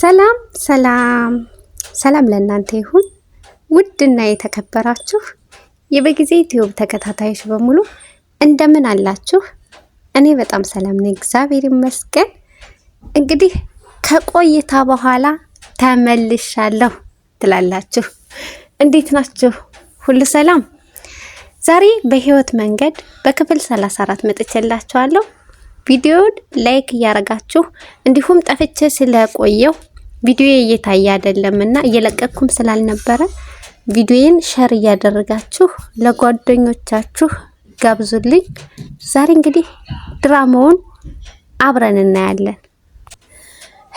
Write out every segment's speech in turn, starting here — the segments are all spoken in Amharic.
ሰላም ሰላም ሰላም ለእናንተ ይሁን። ውድና የተከበራችሁ የበጊዜ ኢትዮብ ተከታታዮች በሙሉ እንደምን አላችሁ? እኔ በጣም ሰላም ነኝ፣ እግዚአብሔር ይመስገን። እንግዲህ ከቆይታ በኋላ ተመልሻለሁ ትላላችሁ። እንዴት ናችሁ? ሁሉ ሰላም? ዛሬ በህይወት መንገድ በክፍል 34 መጥቼላችኋለሁ። ቪዲዮውን ላይክ እያደረጋችሁ እንዲሁም ጠፍቼ ስለቆየው ቪዲዮ እየታየ አይደለም እና እየለቀኩም ስላልነበረ ቪዲዮን ሸር እያደረጋችሁ ለጓደኞቻችሁ ጋብዙልኝ። ዛሬ እንግዲህ ድራማውን አብረን እናያለን።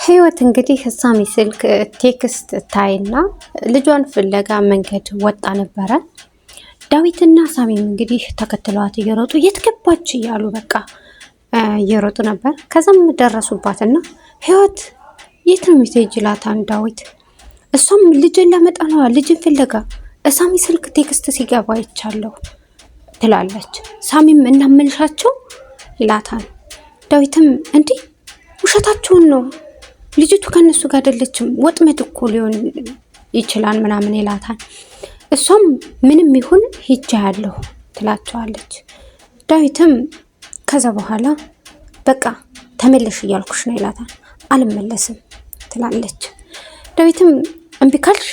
ህይወት እንግዲህ ሳሚ ስልክ ቴክስት ታይና ልጇን ፍለጋ መንገድ ወጣ ነበረ። ዳዊትና ሳሚም እንግዲህ ተከትለዋት እየሮጡ የት ገባች እያሉ በቃ እየሮጡ ነበር። ከዛም ደረሱባትና ህይወት የት ነው ሜሴጅ ላታን ዳዊት? እሷም ልጅን ላመጣ ነዋ ልጅን ፍለጋ እሳሚ ስልክ ቴክስት ሲገባ ይቻለሁ ትላለች። ሳሚም እናመልሻቸው ይላታል። ዳዊትም እንዲህ ውሸታቸውን ነው ልጅቱ ከእነሱ ጋር አይደለችም፣ ወጥመድ እኮ ሊሆን ይችላል ምናምን ይላታል። እሷም ምንም ይሁን ሂጃ ያለሁ ትላቸዋለች። ዳዊትም ከዛ በኋላ በቃ ተመለሽ እያልኩሽ ነው ይላታል። አልመለስም ትላለች። ዳዊትም እምቢ ካልሽ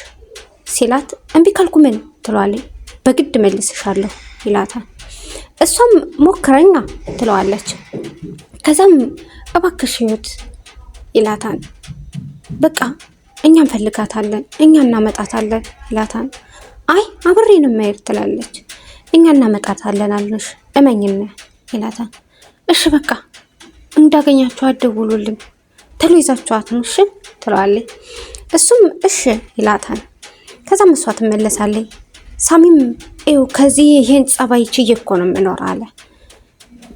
ሲላት እምቢ ካልኩ ምን ትለዋለች። በግድ መልስሻለሁ ይላታል። እሷም ሞክረኛ ትለዋለች። ከዛም እባክሽ ህይወት ይላታል። በቃ እኛ እንፈልጋታለን እኛ እናመጣታለን ይላታል። አይ አብሬን መሄድ ትላለች። እኛ እናመጣታለን አልንሽ እመኝነ ይላታል። እሺ በቃ እንዳገኛቸው አደውሉልኝ ተሎ ይዛችኋትን እሺ ትለዋለች። እሱም እሺ ይላታል። ከዛም እሷ ትመለሳለች። ሳሚም ይኸው ከዚህ ይሄን ጸባይ ችዬ እኮ ነው የምኖር አለ።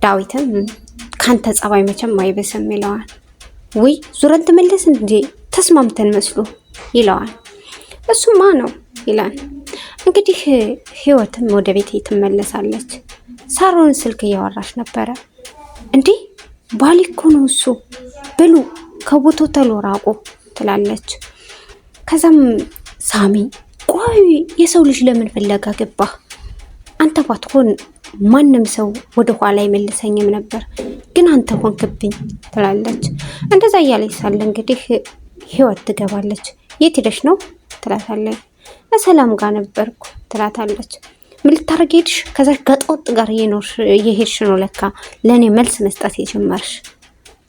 ዳዊትም ካንተ ጸባይ መቼም አይብስም ይለዋል። ውይ ዙረን ትመለስ እንዴ ተስማምተን መስሉ ይለዋል። ማ ነው ይላል። እንግዲህ ህይወትም ወደ ቤት ትመለሳለች። ሳሮን ስልክ እያወራች ነበረ። እንዴ ባሊኮ ነው እሱ ብሉ ከቦታው ተሎራቆ ትላለች። ከዛም ሳሚ ቆይ የሰው ልጅ ለምን ፍለጋ ገባ አንተ ባትሆን ማንም ሰው ወደ ኋላ አይመልሰኝም ነበር፣ ግን አንተ ሆንክብኝ ትላለች። እንደዛ እያለች ሳለ እንግዲህ ህይወት ትገባለች። የት ሄደሽ ነው ትላታለች። ለሰላም ጋር ነበርኩ ትላታለች። ምን ልታደርግ ሄድሽ? ከዛች ጋጠወጥ ጋር እየሄድሽ ነው ለካ ለእኔ መልስ መስጠት የጀመርሽ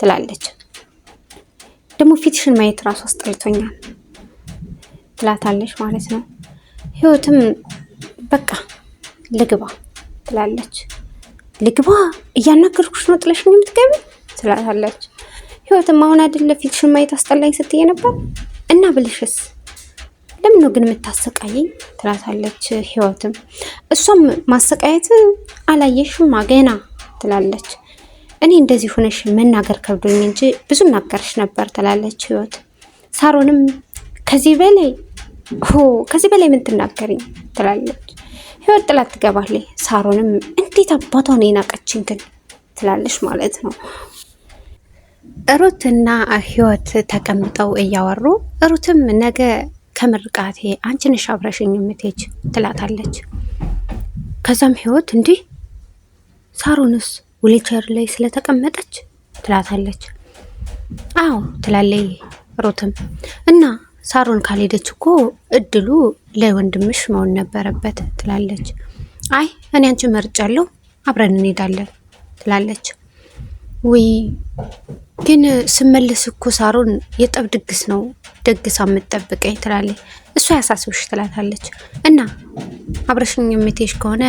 ትላለች። ደግሞ ፊትሽን ማየት እራሱ አስጠልቶኛል ትላታለች ማለት ነው። ህይወትም በቃ ልግባ ትላለች። ልግባ እያናገርኩሽ ነው ጥለሽኝ የምትገቢ ትላታለች። ህይወትም አሁን አይደለ ፊትሽን ማየት አስጠላኝ ስትዬ ነበር እና ብልሽስ ለምን ግን የምታሰቃየኝ? ትላታለች ህይወትም እሷም ማሰቃየት አላየሽም ገና ትላለች። እኔ እንደዚህ ሆነሽ መናገር ከብዶኝ እንጂ ብዙ ናገርሽ ነበር ትላለች ህይወት። ሳሮንም ከዚህ በላይ ሆ ከዚህ በላይ ምን ትናገሪኝ ትላለች ህይወት። ጥላት ትገባለች። ሳሮንም እንዴት አባቷ ነው የናቀችኝ ግን ትላለች ማለት ነው። ሩት እና ህይወት ተቀምጠው እያወሩ ሩትም ነገ ከምርቃቴ አንቺ ነሽ አብረሽኝ የምትሄጅ ትላታለች። ከዛም ህይወት እንዲህ ሳሮንስ ዊልቸር ላይ ስለተቀመጠች ትላታለች። አዎ ትላለይ ሩትም እና ሳሮን ካልሄደች እኮ እድሉ ለወንድምሽ መሆን ነበረበት ትላለች። አይ እኔ አንቺ መርጫለሁ አብረን እንሄዳለን ትላለች። ወይ ግን ስመለስ እኮ ሳሮን የጠብ ድግስ ነው ደግሳ የምትጠብቀኝ ትላለች። እሷ ያሳስብሽ ትላታለች። እና አብረሽኝ የምትሄጂ ከሆነ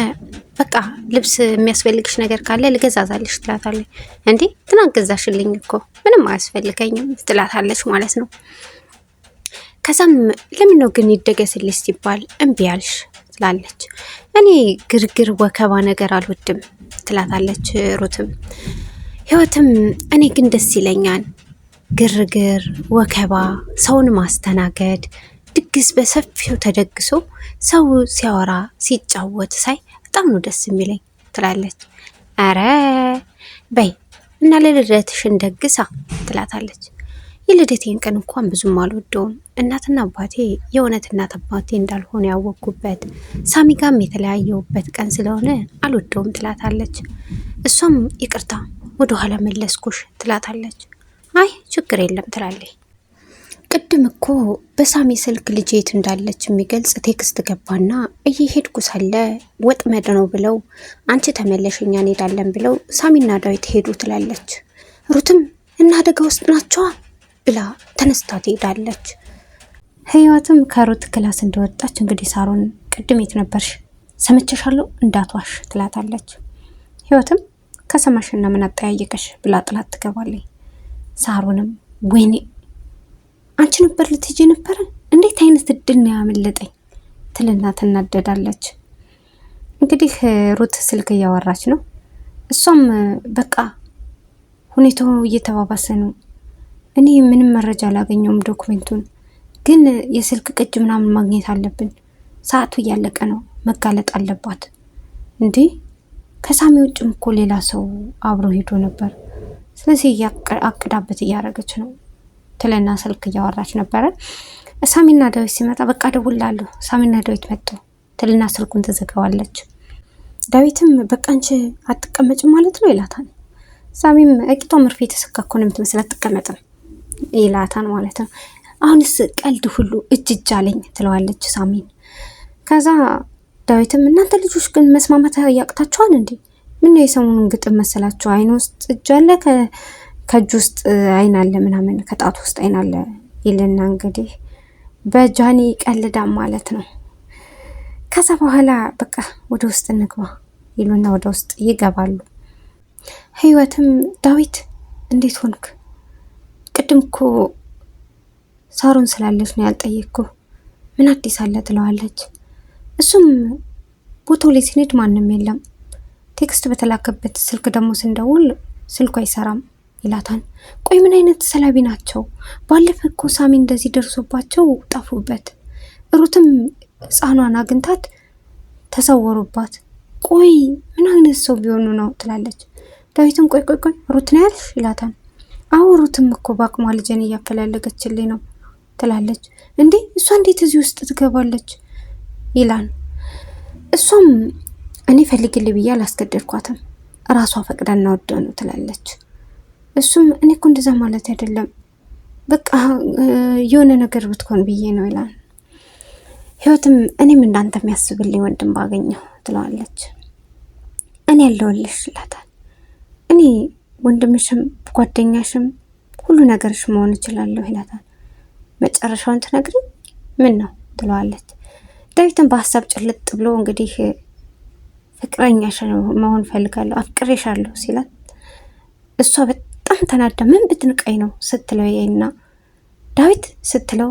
በቃ ልብስ የሚያስፈልግሽ ነገር ካለ ልገዛዛልሽ ትላታለች። እንዴ ትናንት ገዛሽልኝ እኮ ምንም አያስፈልገኝም ትላታለች ማለት ነው። ከዛም ለምን ነው ግን ይደገስልሽ ሲባል እምቢ ትላለች። እኔ ግርግር ወከባ ነገር አልወድም ትላታለች ሩትም። ህይወትም እኔ ግን ደስ ይለኛል ግርግር፣ ወከባ፣ ሰውን ማስተናገድ ድግስ በሰፊው ተደግሶ ሰው ሲያወራ ሲጫወት ሳይ በጣም ነው ደስ የሚለኝ ትላለች። አረ በይ እና ለልደት ሽንደግሳ ትላታለች። የልደቴን ቀን እንኳን ብዙም አልወደውም። እናትና አባቴ የእውነት እናት አባቴ እንዳልሆነ ያወቅኩበት ሳሚ ጋም የተለያየውበት ቀን ስለሆነ አልወደውም ትላታለች። እሷም ይቅርታ ወደኋላ መለስኩሽ ትላታለች። አይ ችግር የለም ትላለች። ቅድም እኮ በሳሚ ስልክ ልጄ የት እንዳለች የሚገልጽ ቴክስት ገባና እየሄድኩ ሳለ ወጥመድ ነው ብለው አንቺ ተመለሽ እኛ እንሄዳለን ብለው ሳሚና ዳዊት ሄዱ ትላለች። ሩትም እና አደጋ ውስጥ ናቸዋ ብላ ተነስታ ትሄዳለች። ህይወትም ከሩት ክላስ እንደወጣች እንግዲህ ሳሮን ቅድም የት ነበርሽ? ሰምቼሻለሁ እንዳትዋሽ ትላታለች። ህይወትም ከሰማሽና ምን አጠያየቀሽ ብላ ጥላት ትገባለች። ሳሮንም ወይኔ አንቺ ነበር ልትሄጂ ነበረ? እንዴት አይነት እድል ነው ያመለጠኝ ትልና ትናደዳለች። እንግዲህ ሩት ስልክ እያወራች ነው። እሷም በቃ ሁኔታው እየተባባሰ ነው። እኔ ምንም መረጃ አላገኘውም። ዶክመንቱን ግን የስልክ ቅጅ ምናምን ማግኘት አለብን። ሰዓቱ እያለቀ ነው። መጋለጥ አለባት። እንዴ ከሳሚ ውጭም እኮ ሌላ ሰው አብሮ ሄዶ ነበር። ስለዚህ አቅዳበት እያደረገች ነው። ትልና ስልክ እያወራች ነበረ። ሳሚና ዳዊት ሲመጣ በቃ ደውላሉ ሳሚና ዳዊት መጡ ትልና ስልኩን ትዘጋዋለች። ዳዊትም በቃ አንቺ አትቀመጭም ማለት ነው ይላታል። ሳሚም እቂቷ መርፌ የተሰካ የምትመስል አትቀመጥም ይላታል ማለት ነው። አሁንስ ቀልድ ሁሉ እጅ እጅ አለኝ ትለዋለች ሳሚን። ከዛ ዳዊትም እናንተ ልጆች ግን መስማማት ያቅታችኋል እንዴ? ምን የሰሞኑን ግጥም መሰላችሁ? አይን ውስጥ እጅ አለ ከእጅ ውስጥ አይን አለ ምናምን ከጣት ውስጥ አይን አለ ይልና እንግዲህ በጃኒ ቀልዳ ማለት ነው። ከዛ በኋላ በቃ ወደ ውስጥ እንግባ ይሉና ወደ ውስጥ ይገባሉ። ህይወትም ዳዊት እንዴት ሆንክ? ቅድም እኮ ሳሮን ስላለች ነው ያልጠየቅኩ ምን አዲስ አለ ትለዋለች። እሱም ቦታው ላይ ስንሄድ ማንም የለም። ቴክስት በተላከበት ስልክ ደግሞ ስንደውል ስልኩ አይሰራም ይላታል። ቆይ ምን አይነት ሰላቢ ናቸው? ባለፈ እኮ ሳሚ እንደዚህ ደርሶባቸው ጠፉበት። ሩትም ህፃኗን አግኝታት ተሰወሩባት። ቆይ ምን አይነት ሰው ቢሆኑ ነው ትላለች። ዳዊትም ቆይ ቆይ ቆይ ሩት ነው ያልሽ? ይላታል። አዎ ሩትም እኮ በአቅሟ ልጄን እያፈላለገችልኝ ነው ትላለች። እንዴ እሷ እንዴት እዚህ ውስጥ ትገባለች? ይላል። እሷም እኔ ፈልግልኝ ብዬ አላስገደድኳትም ራሷ ፈቅዳ እናወደ ነው ትላለች። እሱም እኔ እኮ እንደዛ ማለት አይደለም፣ በቃ የሆነ ነገር ብትኮን ብዬ ነው ይላል። ህይወትም እኔም እንዳንተ የሚያስብልኝ ወንድም ባገኘሁ ትለዋለች። እኔ ያለሁልሽ ይላታል። እኔ ወንድምሽም ጓደኛሽም ሁሉ ነገርሽ መሆን እችላለሁ ይላታል። መጨረሻውን ትነግሪ ምን ነው ትለዋለች። ዳዊትን በሀሳብ ጭልጥ ብሎ እንግዲህ ፍቅረኛሽ መሆን ፈልጋለሁ አፍቅሬሻለሁ ሲላት እሷ በጣም ተናዳ ምን ብትንቀኝ ነው ስትለው ይና ዳዊት ስትለው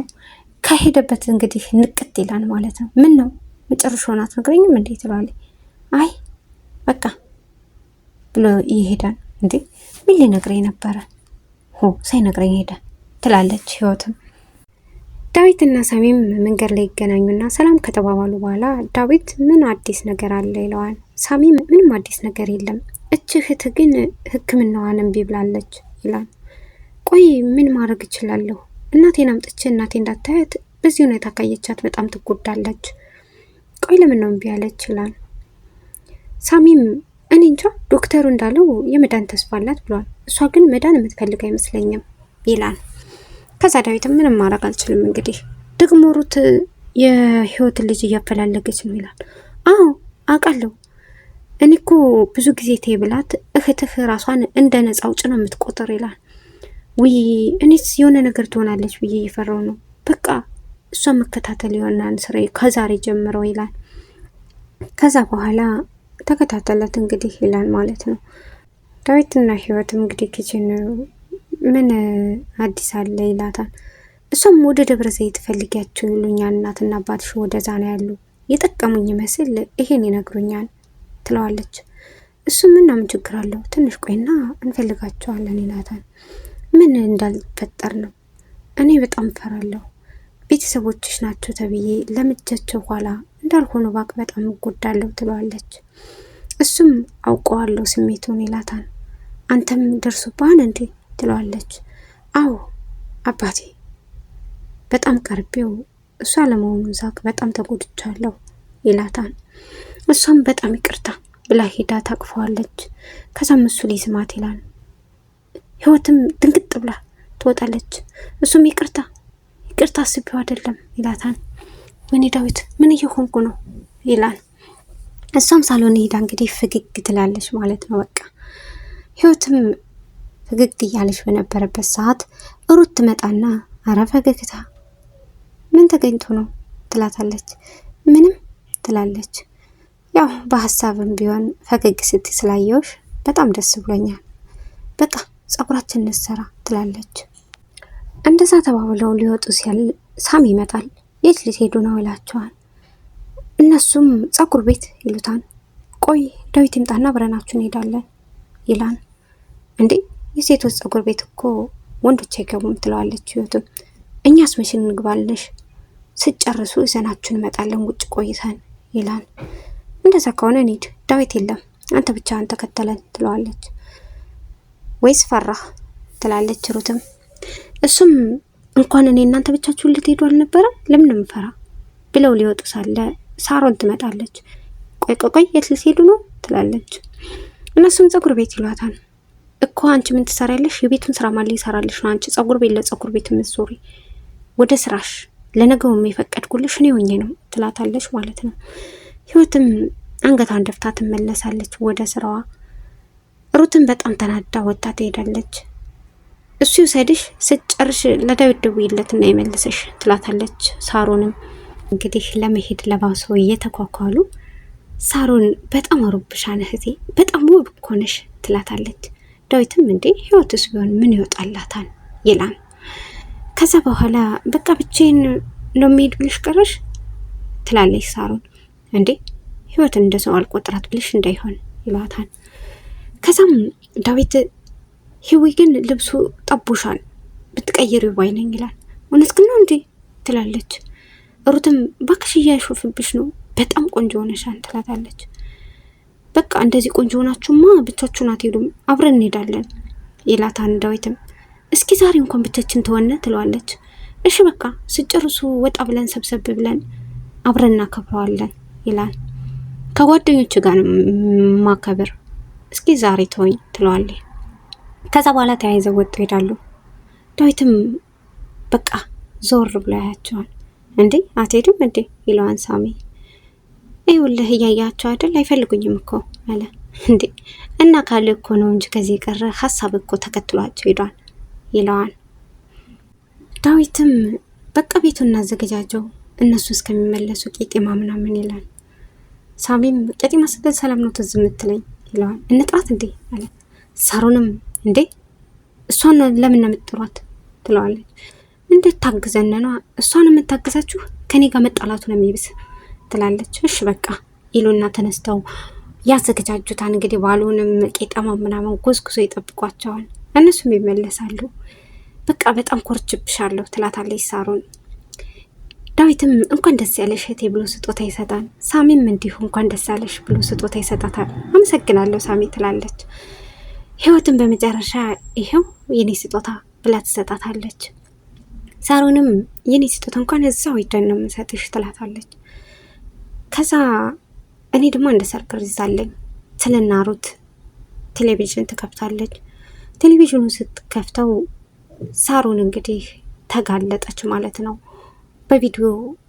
ከሄደበት እንግዲህ ንቅት ይላል ማለት ነው። ምን ነው መጨረሻውን አትነግረኝም እንዴ ትለዋለች። አይ በቃ ብሎ ይሄዳል። እንዴ ምን ሊነግረኝ ነበረ ሆ ሳይነግረኝ ሄደ ትላለች ህይወትም። ዳዊትና ሳሚም መንገድ ላይ ይገናኙና ሰላም ከተባባሉ በኋላ ዳዊት ምን አዲስ ነገር አለ ይለዋል። ሳሚም ምንም አዲስ ነገር የለም እች እህት ግን ሕክምናዋን እምቢ ብላለች ይላል። ቆይ ምን ማድረግ እችላለሁ? እናቴን አምጥቼ እናቴ እንዳታያት በዚህ ሁኔታ ካየቻት በጣም ትጎዳለች። ቆይ ለምን ነው እምቢ ያለች ይላል። ሳሚም እኔ እንጃ ዶክተሩ እንዳለው የመዳን ተስፋ አላት ብሏል። እሷ ግን መዳን የምትፈልግ አይመስለኝም ይላል። ከዛ ዳዊትም ምንም ማድረግ አልችልም እንግዲህ ደግሞ ሩት የህይወትን ልጅ እያፈላለገች ነው ይላል። አዎ አውቃለሁ እኔ እኮ ብዙ ጊዜ ቴብላት እህትህ ራሷን እንደ ነፃ አውጭ ነው የምትቆጥር ይላል። ውይ እኔስ የሆነ ነገር ትሆናለች ብዬ እየፈራው ነው። በቃ እሷ መከታተል የሆናን ስራ ከዛሬ ጀምረው ይላል። ከዛ በኋላ ተከታተላት እንግዲህ ይላል ማለት ነው። ዳዊትና ህይወትም እንግዲህ ኪችን ምን አዲስ አለ ይላታል። እሷም ወደ ደብረ ዘይት ፈልጊያቸው ይሉኛል እናትና አባትሽ ወደዛ ነው ያሉ የጠቀሙኝ መስል ይሄን ይነግሩኛል ትለዋለች። እሱ ምን ነው ምን ችግር አለው? ትንሽ ቆይና እንፈልጋቸዋለን ይላታል። ምን እንዳልፈጠር ነው እኔ በጣም ፈራለሁ። ቤተሰቦችሽ ናቸው ተብዬ ለምጃቸው ኋላ እንዳልሆኑ ባቅ በጣም እጎዳለሁ ትለዋለች። እሱም አውቀዋለሁ ስሜቱን ይላታል። አንተም ደርሶብሃል እንዴ ትለዋለች። አዎ አባቴ በጣም ቀርቤው እሷ ለመሆኑ ሳቅ በጣም ተጎድቻለሁ ይላታል። እሷም በጣም ይቅርታ ብላ ሄዳ ታቅፈዋለች። ከዛም እሱ ሊስማት ይላል። ህይወትም ድንግጥ ብላ ትወጣለች። እሱም ይቅርታ ይቅርታ አስቤው አይደለም ይላታል። ወይኔ ዳዊት ምን እየሆንኩ ነው ይላል። እሷም ሳሎን ሄዳ እንግዲህ ፈገግ ትላለች ማለት ነው። በቃ ህይወትም ፈገግ እያለች በነበረበት ሰዓት ሩት ትመጣና አረ ፈገግታ ምን ተገኝቶ ነው ትላታለች። ምንም ትላለች። ያው በሀሳብም ቢሆን ፈገግ ስትይ ስላየውሽ በጣም ደስ ብሎኛል፣ በቃ ጸጉራችን እንሰራ ትላለች። እንደዛ ተባብለው ሊወጡ ሲል ሳም ይመጣል። የት ልትሄዱ ነው ይላቸዋል። እነሱም ጸጉር ቤት ይሉታል። ቆይ ዳዊት ይምጣና አብረናችሁ እንሄዳለን ይላል። እንዴ የሴቶች ጸጉር ቤት እኮ ወንዶች አይገቡም ትለዋለች። ህይወትም እኛስ መቼ እንግባለሽ? ስጨርሱ ይዘናችሁ እንመጣለን ውጭ ቆይተን ይላል። እንደዛ ከሆነ እንሂድ፣ ዳዊት የለም፣ አንተ ብቻህን ተከተለን ትለዋለች። ወይስ ፈራህ ትላለች ሩትም። እሱም እንኳን እኔ እናንተ ብቻችሁን ልትሄዱ አልነበረ ለምን ምፈራ ብለው ሊወጡ ሳለ ሳሮን ትመጣለች። ቆይ ቆይ ቆይ የት ልትሄዱ ነው ትላለች። እነሱም ፀጉር ቤት ይሏታል። እኮ አንቺ ምን ትሰራለሽ? የቤቱን ስራ ማን ይሰራልሽ ነው? አንቺ ፀጉር ቤት ለፀጉር ቤት የምትዞሪ ወደ ስራሽ ለነገው የፈቀድኩልሽ እኔ ሆኜ ነው ትላታለች ማለት ነው። ህይወትም አንገቷን ደፍታ ትመለሳለች ወደ ስራዋ። ሩትም በጣም ተናዳ ወጥታ ትሄዳለች። እሱ ይውሰድሽ፣ ስትጨርሽ ለዳዊት ደውይለት እና ይመልስሽ ትላታለች። ሳሮንም እንግዲህ ለመሄድ ለባሶ እየተኳኳሉ ሳሮን በጣም አሩብሻን እህቴ፣ በጣም ውብ እኮ ነሽ ትላታለች። ዳዊትም እንዴ ህይወትስ ቢሆን ምን ይወጣላታል ይላል። ከዛ በኋላ በቃ ብቻዬን ነው የሚሄድ ብልሽ ቀረሽ ትላለች ሳሮን። እንዴ ህይወትን እንደ ሰው አልቆጥራት ብልሽ እንዳይሆን ይሏታል። ከዛም ዳዊት ህዊ ግን ልብሱ ጠቦሻል ብትቀይር ይባይነኝ ይላል። እውነት ግን ነው እንዴ ትላለች። ሩትም እባክሽ እያሾፍብሽ ነው በጣም ቆንጆ ሆነሻ ትላታለች። በቃ እንደዚህ ቆንጆ ሆናችሁማ ብቻችሁን አትሄዱም አብረን እንሄዳለን ይላታን። ዳዊትም እስኪ ዛሬ እንኳን ብቻችን ተወነ ትለዋለች። እሺ በቃ ስጨርሱ ወጣ ብለን ሰብሰብ ብለን አብረን እናከብረዋለን ይላል። ከጓደኞች ጋር ማከብር እስኪ ዛሬ ተወኝ ትለዋለች። ከዛ በኋላ ተያይዘው ወጡ ይሄዳሉ። ዳዊትም በቃ ዞር ብሎ ያያቸዋል። እንዴ አትሄድም እንዴ ይለዋን ሳሚ ይኸውልህ እያያቸው አይደል አይፈልጉኝም እኮ አለ። እንዴ እና ካለ እኮ ነው እንጂ ከዚህ የቀረ ሀሳብ እኮ ተከትሏቸው ሄዷል ይለዋል። ዳዊትም በቃ ቤቱን እናዘገጃጀው እነሱ እስከሚመለሱ ቄጤማ ምናምን ይላል። ሳሚም ቄጤማ ስትል ሰላም ነው ትዝ የምትለኝ ይለዋል። እንጥራት እንዴ አለ። ሳሮንም እንዴ እሷን ለምን ነው የምትጥሯት ትለዋለች። እንድታግዘን ነዋ። እሷን የምታግዛችሁ ከኔ ጋር መጣላቱ ነው የሚብስ ትላለች። እሽ በቃ ይሉና ተነስተው ያዘገጃጁታን እንግዲህ ባሉንም ቄጠማ ምናምን ጎዝጉዞ ይጠብቋቸዋል። እነሱም ይመለሳሉ። በቃ በጣም ኮርችብሻለሁ ትላታለች ሳሮን ዳዊትም እንኳን ደስ ያለሽ እህቴ ብሎ ስጦታ ይሰጣል። ሳሚም እንዲሁ እንኳን ደስ ያለሽ ብሎ ስጦታ ይሰጣታል። አመሰግናለሁ ሳሚ ትላለች። ህይወትን በመጨረሻ ይሄው የኔ ስጦታ ብላ ትሰጣታለች። ሳሮንም የኔ ስጦታ እንኳን እዛው ይደን ነው የምንሰጥሽ ትላታለች። ከዛ እኔ ደግሞ እንደ ሰርፕሪዝ አለኝ ትልና ሩት ቴሌቪዥን ትከፍታለች። ቴሌቪዥኑ ስትከፍተው ሳሮን እንግዲህ ተጋለጠች ማለት ነው። በቪዲዮ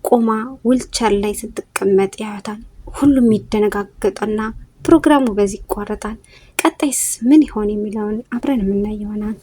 ቆማ ዊልቸር ላይ ስትቀመጥ ያያታል። ሁሉም ይደነጋገጠና ፕሮግራሙ በዚህ ይቋረጣል። ቀጣይስ ምን ይሆን የሚለውን አብረን የምናይ ይሆናል።